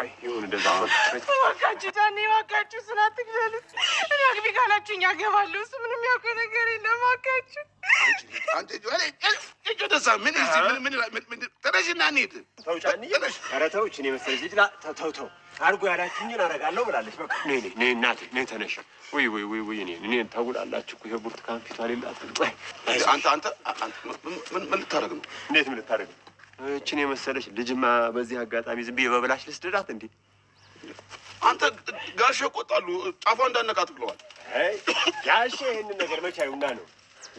እባካችሁ ጃኒ፣ እባካችሁ ስራ አትግለሉት። እኔ አግቢ ካላችሁ አገባለሁ እገባለሁ። እሱ ምንም ያውቀው ነገር የለም። እባካችሁ ተነሽና እንሂድ። ኧረ ተነሽ። እችን የመሰለች ልጅማ በዚህ አጋጣሚ ዝም ብዬ በብላሽ ልስድዳት እንዴ? አንተ ጋሼ ቆጣሉ ጫፏ እንዳነቃት ብለዋል። ጋሼ ይህንን ነገር መቼ አዩና ነው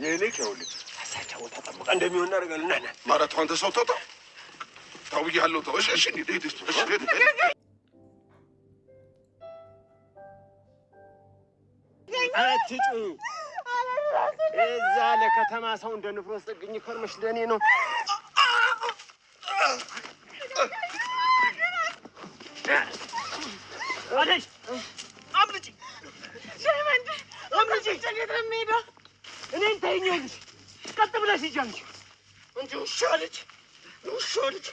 ይልቅ ይኸውልህ አሳቻ ቦታ ጠብቃ እንደሚሆን እናደርጋለን። ና ማረቱ አንተ ሰው ተውታ ተው ብያለሁ ተው። እሺ እሺ አትጩ እዛ ለከተማ ሰው እንደ ንፍሮ ስጠግኝ ከርመሽ ለእኔ ነው የእኛ ልጅ ቀጥ ብለሽ ሂጂ አለች። እንደ ውሻ ልጅ ውሻ ልጅ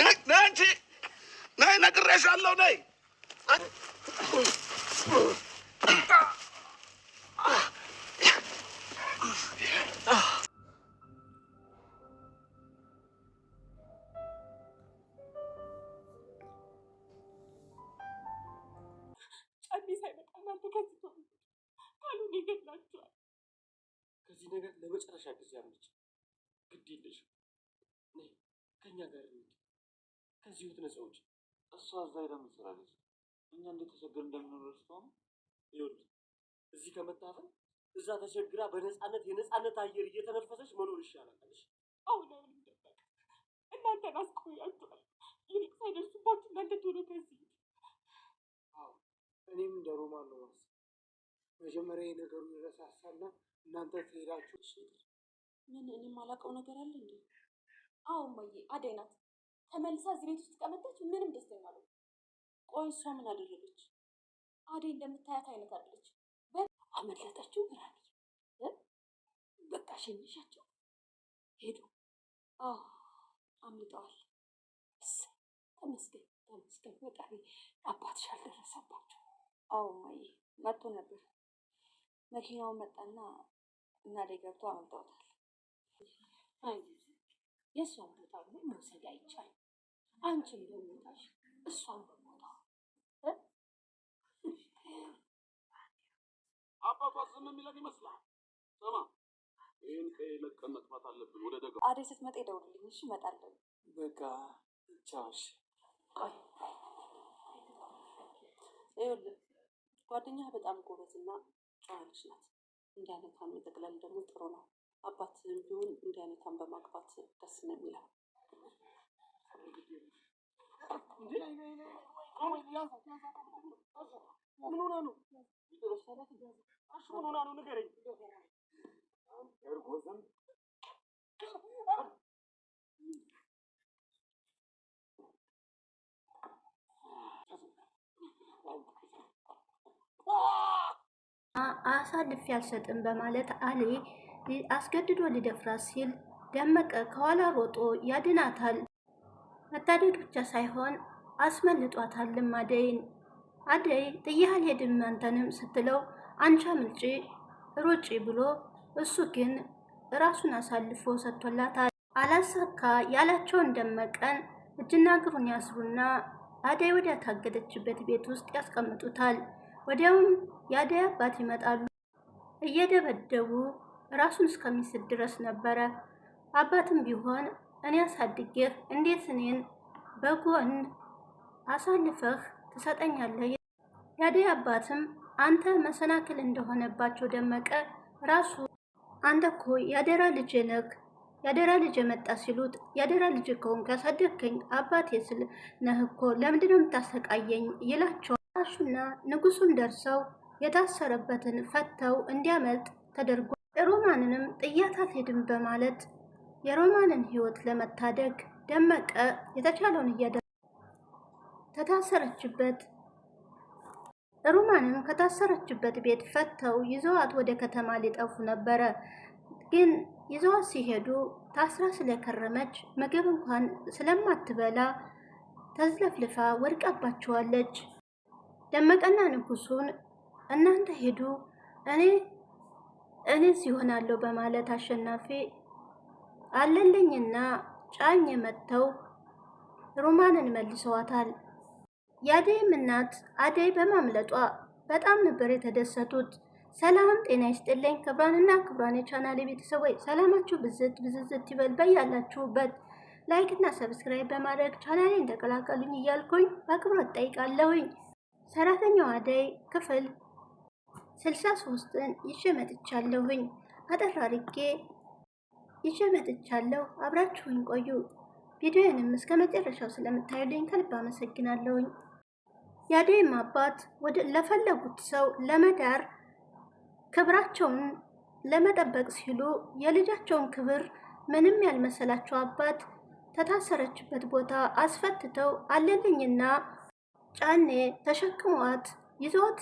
ነይ እንጂ ነይ፣ ነግሬሻለሁ ነይ ነገር ለመጨረሻ ጊዜ አምልጭ። ግድ የለሽም ነይ ከእኛ ጋር እንሂድ፣ ከዚህ ህይወት ነፃ ውጪ። እሷ እዛ ሄዳ ምን ትሰራለች? እኛ እንደተቸገር እንደምንኖር ስለሆነ ይኸውልህ፣ እዚህ ከመታፈን እዛ ተቸግራ በነፃነት የነፃነት አየር እየተነፈሰች መኖር ይሻላል። አሁን አሁን ይደበቅ እናንተ ናስቆያችኋል። ይልቅ ሳይደርሱባችሁ እናንተ ቶሎ ከዚህ እኔም እንደ ሮማን ነው መጀመሪያ የነገሩ ይረሳሳና እናንተ ትሄዳችሁ ምን እኔ የማላውቀው ነገር አለ እንዴ? አዎ እማዬ አደይ ናት። ተመልሳ እዚህ ቤት ውስጥ ቀመጠች። ምንም ደስተኛ አለ። ቆይ እሷ ምን አደረገች? አደይ እንደምታያት አይነት አለች። አመለጠችው። ብራኒ በቃ ሸኝሻቸው ሄዱ። አዎ አምልጠዋል። እስ ተመስገን ተመስገን። ፈጣሪ አባትሽ አልደረሰባቸው። አዎ እማዬ መጥቶ ነበር። መኪናውን መጣና እናዴ ገብቶ አመልጠውታል። አይ የእሷን ቦታ ግን መውሰድ አይቻልም። አንቺም በቦታሽ እሷን በቦታ አባቷ ዝም የሚለን ይመስላል። ስማ ይህን ቀይ ለቀን መጥፋት አለብን። ወደ ደጋ አዴ ስትመጣ ደውልልኝ እሺ? እመጣለሁ። በቃ ቻውሽ። ቆይ ይኸውልህ ጓደኛህ በጣም ጎበዝና ጨዋነች ናት። እንዳይነካን መጠቅለል ደግሞ ጥሩ ነው። አባትም ቢሆን እንዳይነካን በማግባት ደስ ነው የሚለው። ምን ሆና ነው? ምን ሆና ነው? ንገረኝ አሳልፌ አልሰጥም በማለት አሌ አስገድዶ ሊደፍራት ሲል ደመቀ ከኋላ ሮጦ ያድናታል። መታደግ ብቻ ሳይሆን አስመልጧታልም አደይን። አደይ ጥዬህ አልሄድም አንተንም ስትለው አንቺ አምልጪ ሩጪ ብሎ እሱ ግን ራሱን አሳልፎ ሰጥቶላታል። አላሳካ ያላቸውን ደመቀን እጅና እግሩን ያስሩና አደይ ወደ ታገደችበት ቤት ውስጥ ያስቀምጡታል። ወዲያውም የአደይ አባት ይመጣሉ። እየደበደቡ ራሱን እስከሚስት ድረስ ነበረ። አባትም ቢሆን እኔ አሳድጌህ እንዴት እኔን በጎን አሳልፈህ ትሰጠኛለህ? የአደይ አባትም አንተ መሰናክል እንደሆነባቸው ደመቀ ራሱ አንተ እኮ የአደራ ልጅ ነህ ልጅ የመጣ ሲሉት የአደራ ልጅ ከሆንክ ያሳደግከኝ አባቴ ስል ነህ እኮ ለምንድነው የምታሰቃየኝ? ይላቸዋል። አታሹና ንጉሱን ደርሰው የታሰረበትን ፈተው እንዲያመልጥ ተደርጎ ሮማንንም ጥያት አትሄድም በማለት የሮማንን ህይወት ለመታደግ ደመቀ የተቻለውን እያደረ ተታሰረችበት ሮማንን ከታሰረችበት ቤት ፈተው ይዘዋት ወደ ከተማ ሊጠፉ ነበረ። ግን ይዘዋት ሲሄዱ ታስራ ስለከረመች ምግብ እንኳን ስለማትበላ ተዝለፍልፋ ወድቃባቸዋለች። ደመቀና ንጉሱን እናንተ ሄዱ እኔ እኔስ ይሆናለሁ በማለት አሸናፊ አለልኝና ጫኝ መጥተው ሩማንን መልሰዋታል። የአደይም እናት አደይ በማምለጧ በጣም ነበር የተደሰቱት። ሰላም ጤና ይስጥልኝ ክብራንና ክብራን የቻናል ቤተሰቦች ሰላማችሁ ብዝት ብዝዝት ይበል በያላችሁበት። ላይክ እና ሰብስክራይብ በማድረግ ቻናሌን ተቀላቀሉኝ እያልኩኝ በክብሮት ጠይቃለሁኝ። ሰራተኛዋ አደይ ክፍል ስልሳ ሶስትን ይዤ መጥቻለሁኝ። አጠር አድርጌ ይዤ መጥቻለሁ። አብራችሁኝ ቆዩ። ቪዲዮንም እስከ መጨረሻው ስለምታዩልኝ ከልብ አመሰግናለሁኝ። የአደይም አባት ወደ ለፈለጉት ሰው ለመዳር ክብራቸውን ለመጠበቅ ሲሉ የልጃቸውን ክብር ምንም ያልመሰላቸው አባት ተታሰረችበት ቦታ አስፈትተው አለልኝና ጫኔ ተሸክሟት ይዞት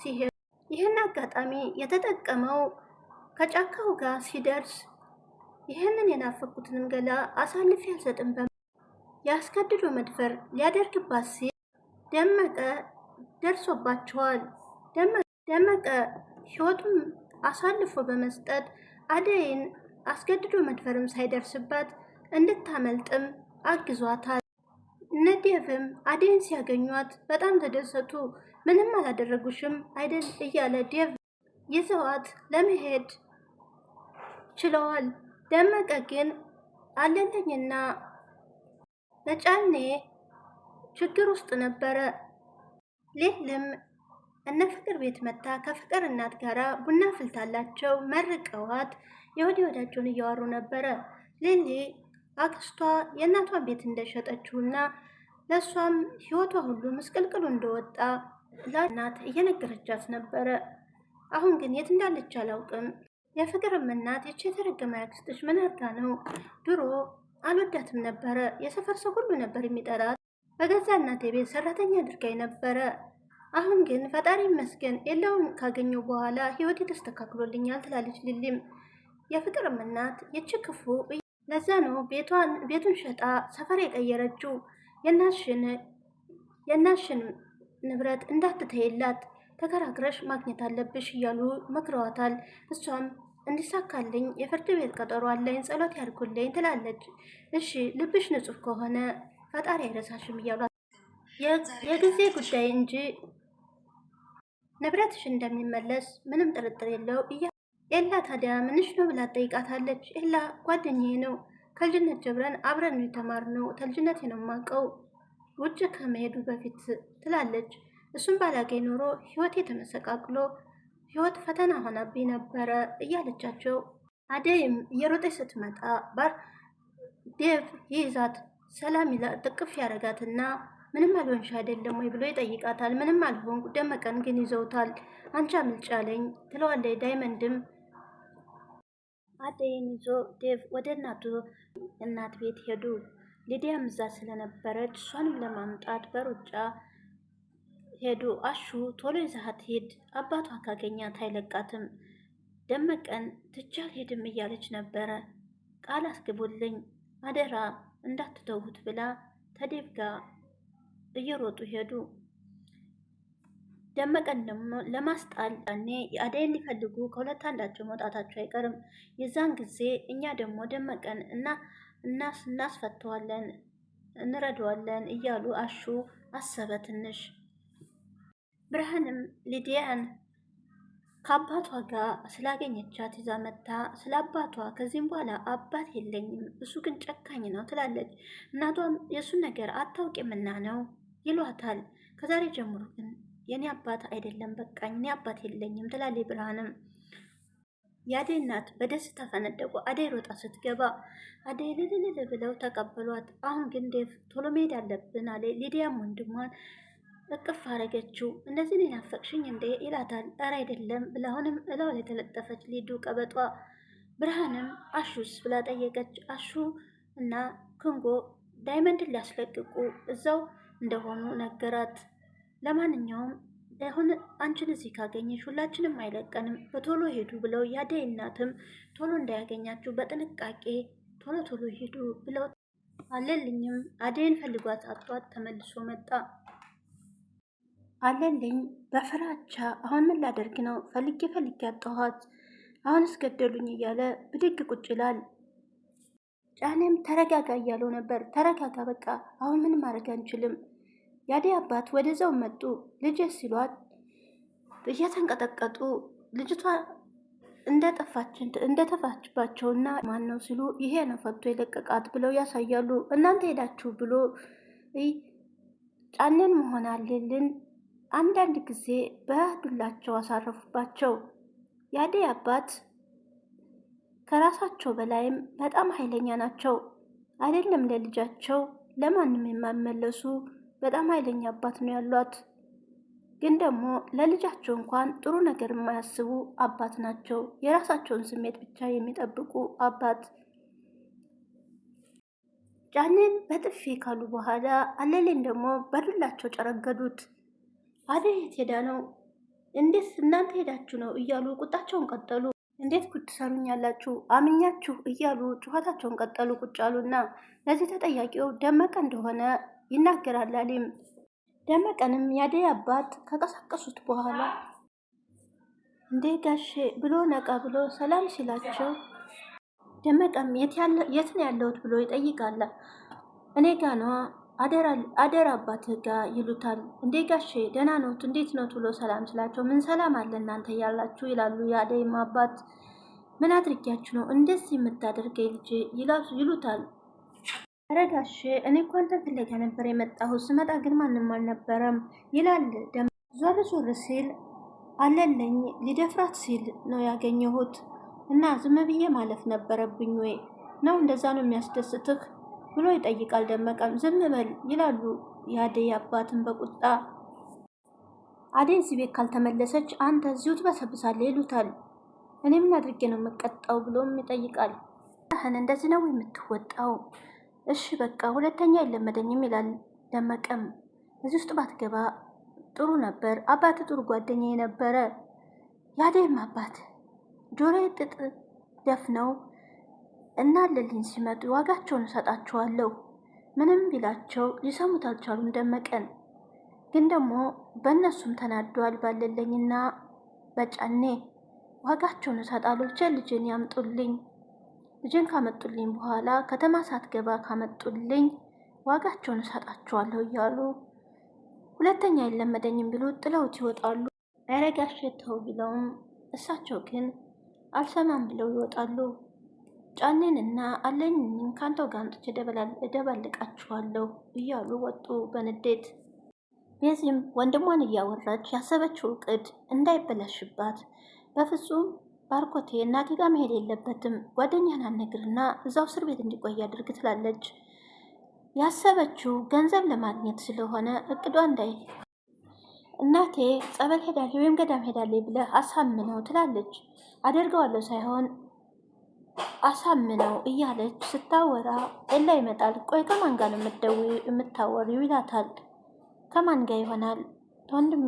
ሲሄድ ይህን አጋጣሚ የተጠቀመው ከጫካው ጋር ሲደርስ ይህንን የናፈኩትንም ገላ አሳልፌ አልሰጥም በ ያስገድዶ መድፈር ሊያደርግባት ሲል ደመቀ ደርሶባቸዋል። ደመቀ ህይወቱን አሳልፎ በመስጠት አደይን አስገድዶ መድፈርም ሳይደርስባት እንድታመልጥም አግዟታል። ነዴቭም አደይን ሲያገኟት በጣም ተደሰቱ። ምንም አላደረጉሽም አይደል እያለ ዴቭ ይዘዋት ለመሄድ ችለዋል። ደመቀ ግን አለልኝና መጫኔ ችግር ውስጥ ነበረ። ሌልም እነ ፍቅር ቤት መታ ከፍቅር እናት ጋር ቡና ፍልታላቸው መርቀዋት የወዲ ወዳቸውን እያወሩ ነበረ። ሌሌ አክስቷ የእናቷን ቤት እንደሸጠችውና ለእሷም ህይወቷ ሁሉ ምስቅልቅሉ እንደወጣ እናት እየነገረቻት ነበረ። አሁን ግን የት እንዳለች አላውቅም። የፍቅርም እናት ይቺ የተረገመ ያክስትሽ ምን አርጋ ነው? ድሮ አልወዳትም ነበረ። የሰፈር ሰው ሁሉ ነበር የሚጠራት። በገዛ እናቴ ቤት ሰራተኛ አድርጋኝ ነበረ። አሁን ግን ፈጣሪ ይመስገን የለውን ካገኘው በኋላ ህይወቴ ተስተካክሎልኛል ትላለች ሊሊም። የፍቅርም እናት ይቺ ክፉ ለዛ ነው ቤቱን ሸጣ ሰፈር የቀየረችው የእናትሽን ንብረት እንዳትተይላት ተከራክረሽ ማግኘት አለብሽ እያሉ መክረዋታል። እሷም እንዲሳካልኝ የፍርድ ቤት ቀጠሮ አለኝ፣ ጸሎት ያድርጉልኝ ትላለች። እሺ ልብሽ ንጹሕ ከሆነ ፈጣሪ አይረሳሽም እያሏት የጊዜ ጉዳይ እንጂ ንብረትሽ እንደሚመለስ ምንም ጥርጥር የለው እያ ኤላ ታዲያ ምንሽ ነው ብላ ጠይቃታለች። ኤላ ጓደኛዬ ነው ከልጅነት ጀምረን አብረን የተማርነው ተልጅነት የማውቀው ውጭ ከመሄዱ በፊት ትላለች። እሱን ባላገኝ ኖሮ ህይወቴ ተመሰቃቅሎ ህይወት ፈተና ሆናብኝ ነበረ እያለቻቸው አደይም እየሮጠች ስትመጣ ባር ዴቭ ይይዛት ሰላም ይላ ጥቅፍ ያደረጋትና ምንም አልሆንሽ አይደለም ወይ ብሎ ይጠይቃታል። ምንም አልሆንኩ፣ ደመቀን ግን ይዘውታል። አንቺ አምልጫለኝ ትለዋለች። ዳይመንድም አደይን ይዞ ዴቭ ወደ እናቱ እናት ቤት ሄዱ። ሊዲያም እዛ ስለነበረች እሷንም ለማምጣት በሩጫ ሄዱ። አሹ ቶሎ ይዛሀት ሄድ፣ አባቷ ካገኛት አይለቃትም፣ ደመቀን ትቻል ሄድም እያለች ነበረ። ቃል አስግቡልኝ አደራ እንዳትተውት ብላ ተዴቭ ጋር እየሮጡ ሄዱ። ደመቀን ለማስጣል ያኔ አደይን ሊፈልጉ ከሁለት አንዳቸው መውጣታቸው አይቀርም። የዛን ጊዜ እኛ ደግሞ ደመቀን እና እናስፈተዋለን፣ እንረዳዋለን እያሉ አሹ አሰበ ትንሽ። ብርሃንም ሊዲያን ከአባቷ ጋር ስላገኘቻት ይዛ መታ ስለ አባቷ ከዚህም በኋላ አባት የለኝም እሱ ግን ጨካኝ ነው ትላለች። እናቷም የእሱን ነገር አታውቂምና ነው ይሏታል። ከዛሬ ጀምሮ ግን የኔ አባት አይደለም በቃኝ፣ እኔ አባት የለኝም ትላለች ብርሃንም። የአደይ እናት በደስታ ፈነደቁ። አደይ ሮጣ ስትገባ አደይ ልልልል ብለው ተቀበሏት። አሁን ግን ዴቭ ቶሎ መሄድ አለብን አለ። ሊዲያም ወንድሟን እቅፍ አረገችው። እነዚህን የናፈቅሽኝ እንደ ይላታል። ኧረ አይደለም ብላ አሁንም እላው ላይ ተለጠፈች። ሊዱ ቀበጧ። ብርሃንም አሹስ ብላ ጠየቀች። አሹ እና ክንጎ ዳይመንድን ሊያስለቅቁ እዛው እንደሆኑ ነገራት። ለማንኛውም አሁን አንቺን እዚህ ካገኘሽ ሁላችንም አይለቀንም፣ በቶሎ ሄዱ ብለው የአደይ እናትም ቶሎ እንዳያገኛችሁ በጥንቃቄ ቶሎ ቶሎ ሄዱ ብለው አለልኝም አደይን ፈልጓት አጧት ተመልሶ መጣ። አለልኝ በፍራቻ አሁን ምን ላደርግ ነው ፈልጌ ፈልጌ አጣኋት፣ አሁን እስገደሉኝ እያለ ብድግ ቁጭ ይላል። ጫኔም ተረጋጋ እያለው ነበር። ተረጋጋ በቃ አሁን ምን ማድረግ አንችልም የአደይ አባት ወደዛው መጡ። ልጅ ሲሏት እየተንቀጠቀጡ ልጅቷ እንደጠፋችን እንደተፋችባቸውና ማን ነው ሲሉ ይሄ ነው ፈቶ የለቀቃት ብለው ያሳያሉ። እናንተ ሄዳችሁ ብሎ ጫንን መሆን አለልን። አንዳንድ ጊዜ በዱላቸው አሳረፉባቸው። የአደይ አባት ከራሳቸው በላይም በጣም ኃይለኛ ናቸው። አይደለም ለልጃቸው ለማንም የማይመለሱ በጣም ኃይለኛ አባት ነው ያሏት። ግን ደግሞ ለልጃቸው እንኳን ጥሩ ነገር የማያስቡ አባት ናቸው። የራሳቸውን ስሜት ብቻ የሚጠብቁ አባት። ጫንን በጥፊ ካሉ በኋላ አለሌን ደግሞ በዱላቸው ጨረገዱት። አደይ የት ሄዳ ነው? እንዴት እናንተ ሄዳችሁ ነው እያሉ ቁጣቸውን ቀጠሉ። እንዴት ጉድ ትሰሩኛላችሁ አምኛችሁ እያሉ ጩኸታቸውን ቀጠሉ። ቁጭ አሉና ለዚህ ተጠያቂው ደመቀ እንደሆነ ይናገራል። አሊም ደመቀንም የአደይ አባት ከቀሰቀሱት በኋላ እንዴ ጋሼ ብሎ ነቃ ብሎ ሰላም ሲላቸው ደመቀም የት ነው ያለሁት ብሎ ይጠይቃል። እኔ ጋ ነዋ አደር አባት ጋ ይሉታል። እንዴ ጋሼ ደህና ኖት እንዴት ነው ብሎ ሰላም ሲላቸው ምን ሰላም አለ እናንተ እያላችሁ ይላሉ። የአደይም አባት ምን አድርጊያችሁ ነው እንደዚህ የምታደርገኝ ልጄ ይሉታል። ረጋሽ እኔ እኮ አንተን ፍለጋ ነበር የመጣሁት። ስመጣ ግን ማንም አልነበረም ይላል። ዞር ዞር ሲል አለለኝ ሊደፍራት ሲል ነው ያገኘሁት እና ዝም ብዬ ማለፍ ነበረብኝ ወይ ነው እንደዛ ነው የሚያስደስትህ ብሎ ይጠይቃል። ደመቀም ዝም በል ይላሉ የአደይ አባትን በቁጣ አደይ እዚህ ቤት ካልተመለሰች አንተ እዚሁ ትበሰብሳለህ ይሉታል። እኔ ምን አድርጌ ነው የምቀጣው ብሎም ይጠይቃል። ህን እንደዚህ ነው የምትወጣው እሺ በቃ ሁለተኛ አይለመደኝም ይላል ደመቀም። እዚህ ውስጥ ባትገባ ጥሩ ነበር። አባት ጥሩ ጓደኛ የነበረ ያደም አባት ጆሮዬ ጥጥ ደፍነው እና ለልኝ ሲመጡ ዋጋቸውን እሰጣቸዋለሁ ምንም ቢላቸው ሊሰሙት አልቻሉም። ደመቀን ግን ደግሞ በእነሱም ተናዷል። ባለለኝና በጫኔ ዋጋቸውን እሰጣለሁ ልጅን ያምጡልኝ ልጄን ካመጡልኝ በኋላ ከተማ ሳትገባ ካመጡልኝ ዋጋቸውን እሰጣቸዋለሁ እያሉ ሁለተኛ አይለመደኝም ብሎ ጥለውት ይወጣሉ። ኧረ ጋሼ ተው ቢለውም እሳቸው ግን አልሰማም ብለው ይወጣሉ። ጫኔን እና አለኝን ከአንተ ጋር እደበልቃችኋለሁ እያሉ ወጡ በንዴት። ቤዚም ወንድሟን እያወራች ያሰበችው እቅድ እንዳይበላሽባት በፍጹም ባርኮቴ እናቴ ጋር መሄድ የለበትም ጓደኛህን አነግርና እዛው እስር ቤት እንዲቆይ አድርግ ትላለች። ያሰበችው ገንዘብ ለማግኘት ስለሆነ እቅዷ እንዳይ እናቴ ጸበል ሄዳለች ወይም ገዳም ሄዳለች ብለህ አሳምነው ትላለች። አደርገዋለሁ ሳይሆን አሳምነው እያለች ስታወራ ኤላ ይመጣል። ቆይ ከማን ጋር ነው የምታወሪው ይላታል። ከማን ጋር ይሆናል ወንድም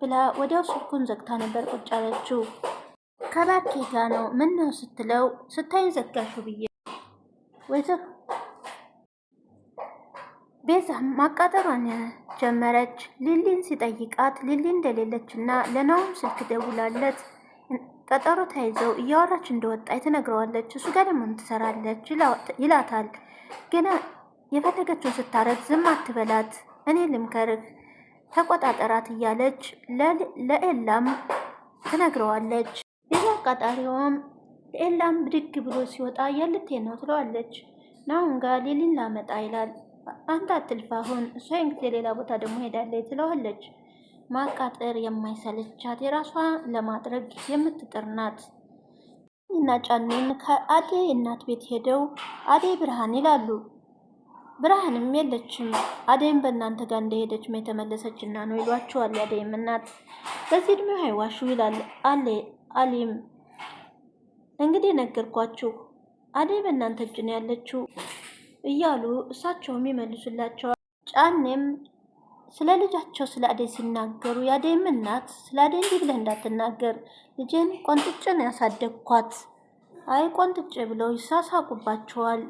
ብላ ወዲያው ስልኩን ዘግታ ነበር ቁጭ አለችው። ከባኬ ጋ ነው ምን ነው ስትለው ስታይን ዘጋሹ ብዬ ወይዘሮ ቤዛ ማቃጠሯን ጀመረች። ሊሊን ሲጠይቃት ሊሊ እንደሌለች እና ለናውም ስልክ ደውላለት ቀጠሮ ተይዘው እያወራች እንደወጣ ትነግረዋለች። እሱ ጋር ደግሞ ትሰራለች ይላታል። ግና የፈለገችውን ስታረግ ዝም አትበላት፣ እኔ ልምከርህ፣ ተቆጣጠራት እያለች ለኤላም ትነግረዋለች። ሌላ አቃጣሪዋም ኤላም ብድግ ብሎ ሲወጣ የልቴ ነው ትለዋለች። ናሁን ጋር ሌሊን ላመጣ ይላል። አንተ አትልፋ አሁን እሷ እንግዲህ ሌላ ቦታ ደግሞ ሄዳለች ትለዋለች። ማቃጠር የማይሰለቻት የራሷ ለማድረግ የምትጥር ናት። እና ጫኔን ከአዴ እናት ቤት ሄደው አዴ ብርሃን ይላሉ። ብርሃንም የለችም አደይም በእናንተ ጋር እንደሄደች የተመለሰች እና ነው ይሏቸዋል። አደይም እናት በዚህ እድሜ አይዋሹ ይላል አሌ አሊም እንግዲህ ነገርኳችሁ አደይ በእናንተ እጅ ነው ያለችው እያሉ እሳቸውም ይመልሱላቸዋል። ጫኔም ስለ ልጃቸው ስለ አደይ ሲናገሩ የአደይም እናት ስለ አደይ እንዲህ ብለህ እንዳትናገር ልጄን ቆንጥጬ ነው ያሳደግኳት፣ አይ ቆንጥጬ ብለው ይሳሳቁባቸዋል።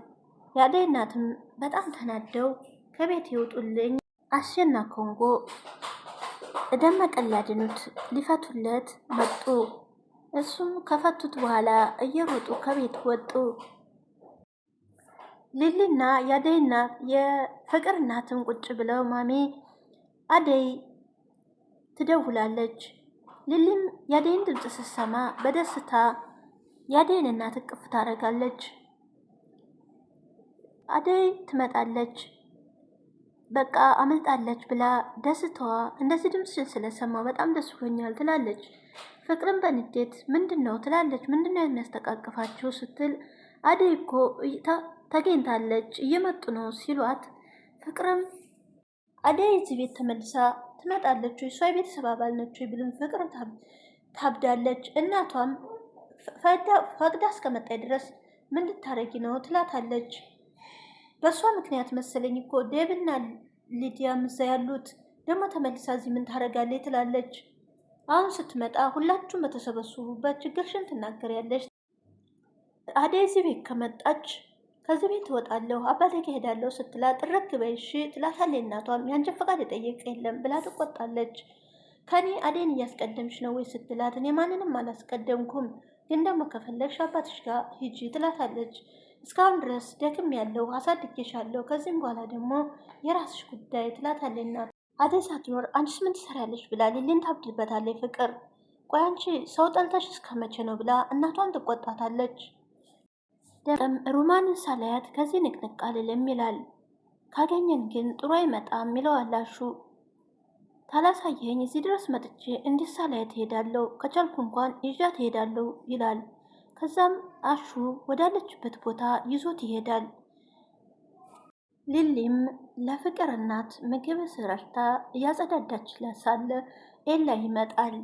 የአደይ እናትም በጣም ተናደው ከቤት ይውጡልኝ፣ አሴና ኮንጎ ደመቀን ሊያድኑት ሊፈቱለት መጡ። እሱም ከፈቱት በኋላ እየሮጡ ከቤት ወጡ። ሊሊና የአደይ እናት የፍቅር እናትም ቁጭ ብለው ማሜ አደይ ትደውላለች። ሊሊም የአደይን ድምፅ ስትሰማ በደስታ የአደይን እናት እቅፍ ታደርጋለች። አደይ ትመጣለች። በቃ አመልጣለች ብላ ደስታዋ እንደዚህ ድምፅሽን ስለሰማ በጣም ደስ ብሎኛል ትላለች። ፍቅርን በንዴት ምንድን ነው ትላለች። ምንድን ነው የሚያስተቃቅፋችሁ ስትል አደይ እኮ ተገኝታለች እየመጡ ነው ሲሏት ፍቅርም አደይ እዚህ ቤት ተመልሳ ትመጣለች ወይ እሷ የቤተሰብ አባል ነች ወይ ብልም ፍቅር ታብዳለች። እናቷም ፈቅዳ እስከመጣኝ ድረስ ምን ልታረጊ ነው ትላታለች። በእሷ ምክንያት መሰለኝ እኮ ዴብና ሊዲያ ምዛ ያሉት ደግሞ ተመልሳ እዚህ ምን ታደርጋለች ትላለች። አሁን ስትመጣ ሁላችሁም በተሰበሰቡበት ችግርሽን ትናገሪያለሽ። አደይ እዚህ ቤት ከመጣች ከዚህ ቤት ትወጣለሁ አባቴ ከሄዳለሁ ስትላ ጥረግ በይ እሺ ትላታለች። እናቷም ያንቺን ፈቃድ የጠየቀ የለም ብላ ትቆጣለች። ከኔ አደይን እያስቀደምሽ ነው ወይ ስትላት እኔ ማንንም አላስቀደምኩም፣ ግን ደግሞ ከፈለግሽ አባትሽ ጋር ሂጂ ትላታለች። እስካሁን ድረስ ደክም ያለው አሳድጌሻለሁ፣ ከዚህም በኋላ ደግሞ የራስሽ ጉዳይ ትላታለና አደይ ሳትኖር አንቺስ ምን ትሰሪያለሽ ብላ ሊሊን ታብድበታለች። ፍቅር ቆይ አንቺ ሰው ጠልተሽ እስከመቼ ነው ብላ እናቷም ትቆጣታለች። ደም ሩማንን ሳላያት ከዚህ ንቅንቅ አልልም ይላል። ካገኘን ግን ጥሩ አይመጣም ይለው አላሹ ታላሳየኝ እዚህ ድረስ መጥቼ እንዲህ ሳላያት ከቻልኩ እንኳን ይዣ ትሄዳለሁ ይላል። ከዛም አሹ ወዳለችበት ቦታ ይዞት ይሄዳል። ሊሊም ለፍቅር እናት ምግብ ስረርታ እያጸዳዳች ሳለ ኤላ ይመጣል።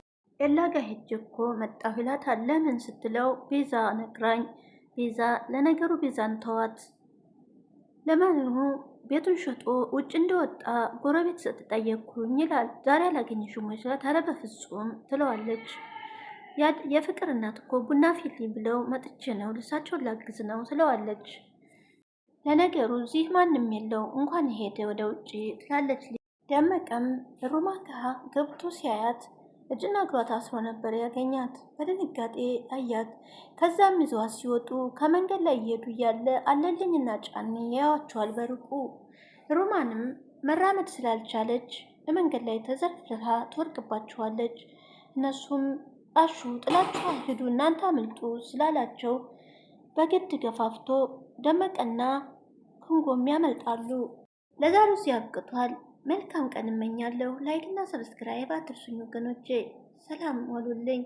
ኤላ ጋ ሄጄ እኮ መጣሁ ይላታል። ለምን ስትለው ቤዛ ነግራኝ። ቤዛ ለነገሩ ቤዛን ተዋት። ለማንኑ ቤቱን ሸጦ ውጭ እንደወጣ ጎረቤት ስትጠየቅኩኝ ይላል። ዛሬ አላገኘሽም ወይ ስላት፣ ኧረ በፍጹም ትለዋለች። የፍቅር እናት እኮ ቡና ፊልኝ ብለው መጥቼ ነው ልሳቸውን ላግዝ ነው ትለዋለች። ለነገሩ እዚህ ማንም የለው እንኳን ሄደ ወደ ውጭ ትላለች። ደመቀም ሩማካ ገብቶ ሲያያት እጅና እግሯ ታስሮ ነበር ያገኛት። በድንጋጤ አያት። ከዛም ይዘዋት ሲወጡ ከመንገድ ላይ እየሄዱ እያለ አለልኝና ጫኔ ያያቸዋል በርቁ። ሩማንም መራመድ ስላልቻለች በመንገድ ላይ ተዘርፍርፋ ትወርቅባቸዋለች። እነሱም አሹ ጥላችሁ ሂዱ እናንተ አምልጡ ስላላቸው በግድ ገፋፍቶ ደመቀና ክንጎም ያመልጣሉ። ለዛሬው ሲያብቅቷል። መልካም ቀን እመኛለሁ። ላይክና ሰብስክራይብ አትርሱኝ ወገኖቼ። ሰላም ዋሉልኝ።